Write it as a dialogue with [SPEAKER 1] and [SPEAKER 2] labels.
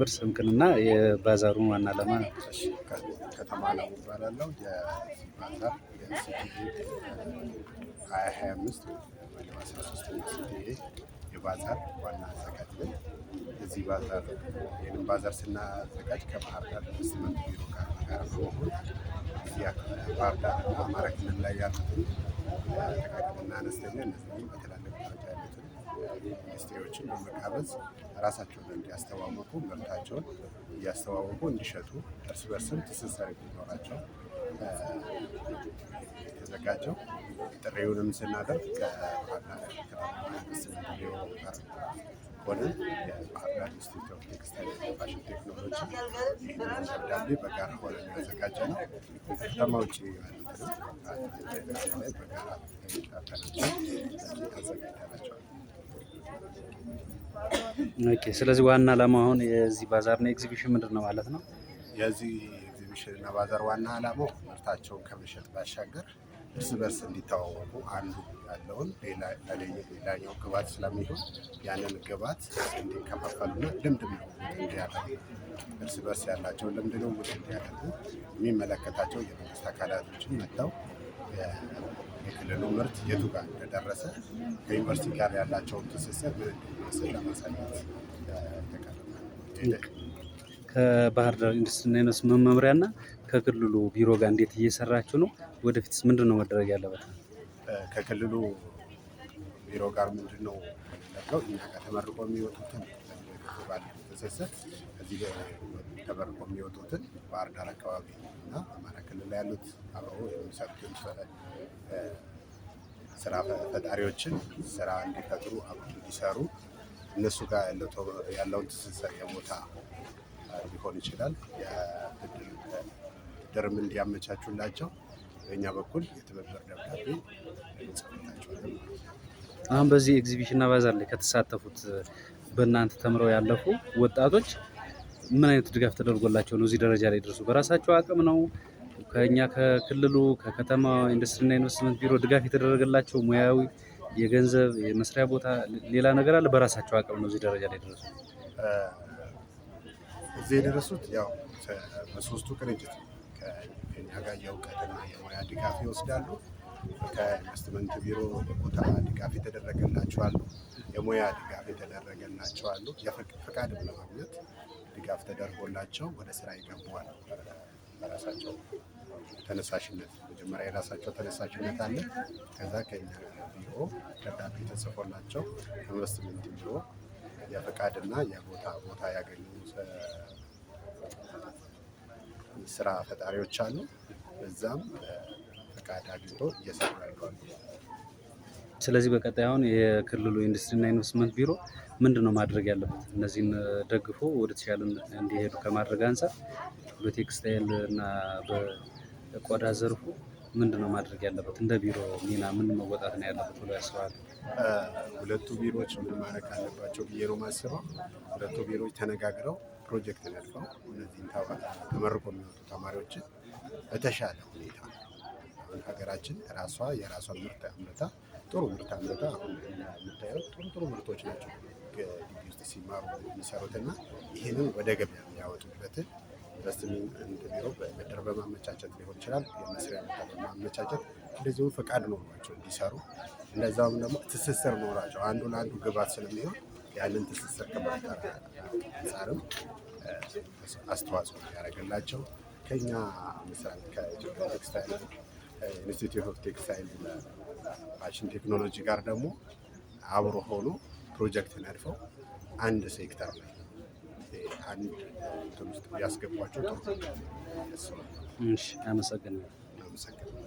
[SPEAKER 1] ምርት ስምክንና የባዛሩን ዋና ዓላማ
[SPEAKER 2] ከተማ ነው ይባላለው። የባዛር ሀያ ሀያ አምስት ሶስት የባዛር ዋና አዘጋጅ ነን። እዚህ ባዛር ይህንም ባዛር ስናዘጋጅ ከባህር ዳር ኢንቨስትመንት ቢሮ ጋር ጋር በመሆን እዚህ ባህር ዳርና አማራ ክልል ላይ ያሉትን ጥቃቅንና አነስተኛ እነዚህም በተላለቅ ደረጃ ያሉትን ኢንዱስትሪዎችን በመጋበዝ ራሳቸውን እንዲያስተዋወቁ ምርታቸውን እያስተዋወቁ እንዲሸጡ እርስ በርስም ትስስር እንዲኖራቸው የተዘጋጀው ጥሪውንም ስናደርግ ከባህር ዳር ከተማ ሆነ የባህርዳር ኢንስቲትዩት ኦፍ ቴክስታይል ፋሽን ቴክኖሎጂ ይህንን ደብዳቤ በጋራ ሆነ ያዘጋጀ ነው። ከተማ ውጭ ላይ በጋራ አዘጋጅተናቸዋል።
[SPEAKER 1] ኦኬ። ስለዚህ ዋና ዓላማ አሁን የዚህ ባዛርና ኤግዚቢሽን ምንድን ነው ማለት ነው?
[SPEAKER 2] የዚህ ባዛር ዋና ዓላማው ምርታቸውን ከመሸጥ ባሻገር እርስ በርስ እንዲተዋወቁ አንዱ ያለውን ሌላኛው ግባት ስለሚሆን ያንን ግባት እንዲከፋፈሉና ልምድ ልውውጥ እንዲያደርጉ እርስ በርስ ያላቸው ልምድ ልውውጥ እንዲያደርጉ የሚመለከታቸው የመንግስት አካላቶችን መጥተው የክልሉ ምርት የቱ ጋር እንደደረሰ ከዩኒቨርሲቲ ጋር ያላቸውን ትስስር ምን እንደሚመስል ለማሳየት ተቀርሟል።
[SPEAKER 1] ከባህር ዳር ኢንዱስትሪና ኢንቨስትመንት መምሪያና ከክልሉ ቢሮ ጋር እንዴት እየሰራችሁ ነው? ወደፊትስ ምንድን ነው መደረግ ያለበት?
[SPEAKER 2] ከክልሉ ቢሮ ጋር ምንድን ነው ያለው? እኛ ጋር ተመርቆ የሚወጡትን ባለተሰሰብ እዚህ ተመርቆ የሚወጡትን ባህር ዳር አካባቢ እና አማራ ክልል ላይ ያሉት አብረው የሚሰሩትን ስራ ፈጣሪዎችን ስራ እንዲፈጥሩ አብረው እንዲሰሩ እነሱ ጋር ያለውን ትስስር የቦታ ሊሆን ይችላል ብድርም እንዲያመቻቹላቸው በእኛ በኩል የትብብር ደብዳቤ እንጽፍላቸዋለን።
[SPEAKER 1] አሁን በዚህ ኤግዚቢሽንና ባዛር ላይ ከተሳተፉት በእናንተ ተምረው ያለፉ ወጣቶች ምን አይነት ድጋፍ ተደርጎላቸው ነው እዚህ ደረጃ ላይ ደርሱ? በራሳቸው አቅም ነው? ከእኛ ከክልሉ ከከተማ ኢንዱስትሪና ኢንቨስትመንት ቢሮ ድጋፍ የተደረገላቸው ሙያዊ፣ የገንዘብ፣ የመስሪያ ቦታ፣ ሌላ ነገር አለ? በራሳቸው አቅም ነው እዚህ ደረጃ ላይ ደረሱ?
[SPEAKER 2] እዚህ የደረሱት ያው በሶስቱ ቅንጅት ነው ከኛ ጋር የእውቀትና የሙያ ድጋፍ ይወስዳሉ። ከኢንቨስትመንት ቢሮ ቦታ ድጋፍ የተደረገላቸዋሉ፣ የሙያ ድጋፍ የተደረገላቸዋሉ፣ ፈቃድ ለማግኘት ድጋፍ ተደርጎላቸው ወደ ስራ ይገቡዋል። በራሳቸው ተነሳሽነት መጀመሪያ የራሳቸው ተነሳሽነት አለ። ከዛ ከኛ ቢሮ ደብዳቤ ተጽፎላቸው ኢንቨስትመንት ቢሮ የፈቃድና የቦታ ቦታ ያገኙ ስራ ፈጣሪዎች አሉ። በዛም ፈቃድ አግኝቶ እየሰሩ ያሉ።
[SPEAKER 1] ስለዚህ በቀጣይ አሁን የክልሉ ኢንዱስትሪና ኢንቨስትመንት ቢሮ ምንድን ነው ማድረግ ያለበት? እነዚህን ደግፎ ወደ ተሻለ እንዲሄዱ ከማድረግ አንጻር በቴክስታይል እና በቆዳ ዘርፉ ምንድን ነው ማድረግ ያለበት? እንደ ቢሮ ሚና ምን መወጣት ነው ያለበት ብሎ ያስባሉ?
[SPEAKER 2] ሁለቱ ቢሮዎች ምን ማድረግ አለባቸው ብዬ ነው ማስበው። ሁለቱ ቢሮዎች ተነጋግረው ፕሮጀክት ነድፈው እነዚህን ተመርቆ የሚወጡ ተማሪዎችን በተሻለ ሁኔታ አሁን ሀገራችን ራሷ የራሷ ምርት አምርታ ጥሩ ምርት አምርታ አሁን የምታየው ጥሩ ጥሩ ምርቶች ናቸው ግቢ ውስጥ ሲማሩ የሚሰሩትና ይህንን ወደ ገበያ የሚያወጡበትን ኢንቨስትመንት እንደ ቢሮ በብድር በማመቻቸት ሊሆን ይችላል። የመስሪያ ቦታ በማመቻቸት እንደዚሁ ፈቃድ ኖሯቸው እንዲሰሩ እንደዛውም ደግሞ ትስስር ኖሯቸው አንዱ ለአንዱ ግባት ስለሚሆን ያለን ትስስር ከማጠር አንጻርም አስተዋጽኦ ያደረገላቸው ከኛ ምስራቅ ከኢትዮጵያ ቴክስታይል ኢንስቲትዩት ኦፍ ቴክስታይል ፋሽን ቴክኖሎጂ ጋር ደግሞ አብሮ ሆኖ ፕሮጀክት ነድፈው አንድ ሴክተር ላይ አንድ ውስጥ ያስገቧቸው ጥሩ
[SPEAKER 1] አመሰግናለሁ። አመሰግናለሁ።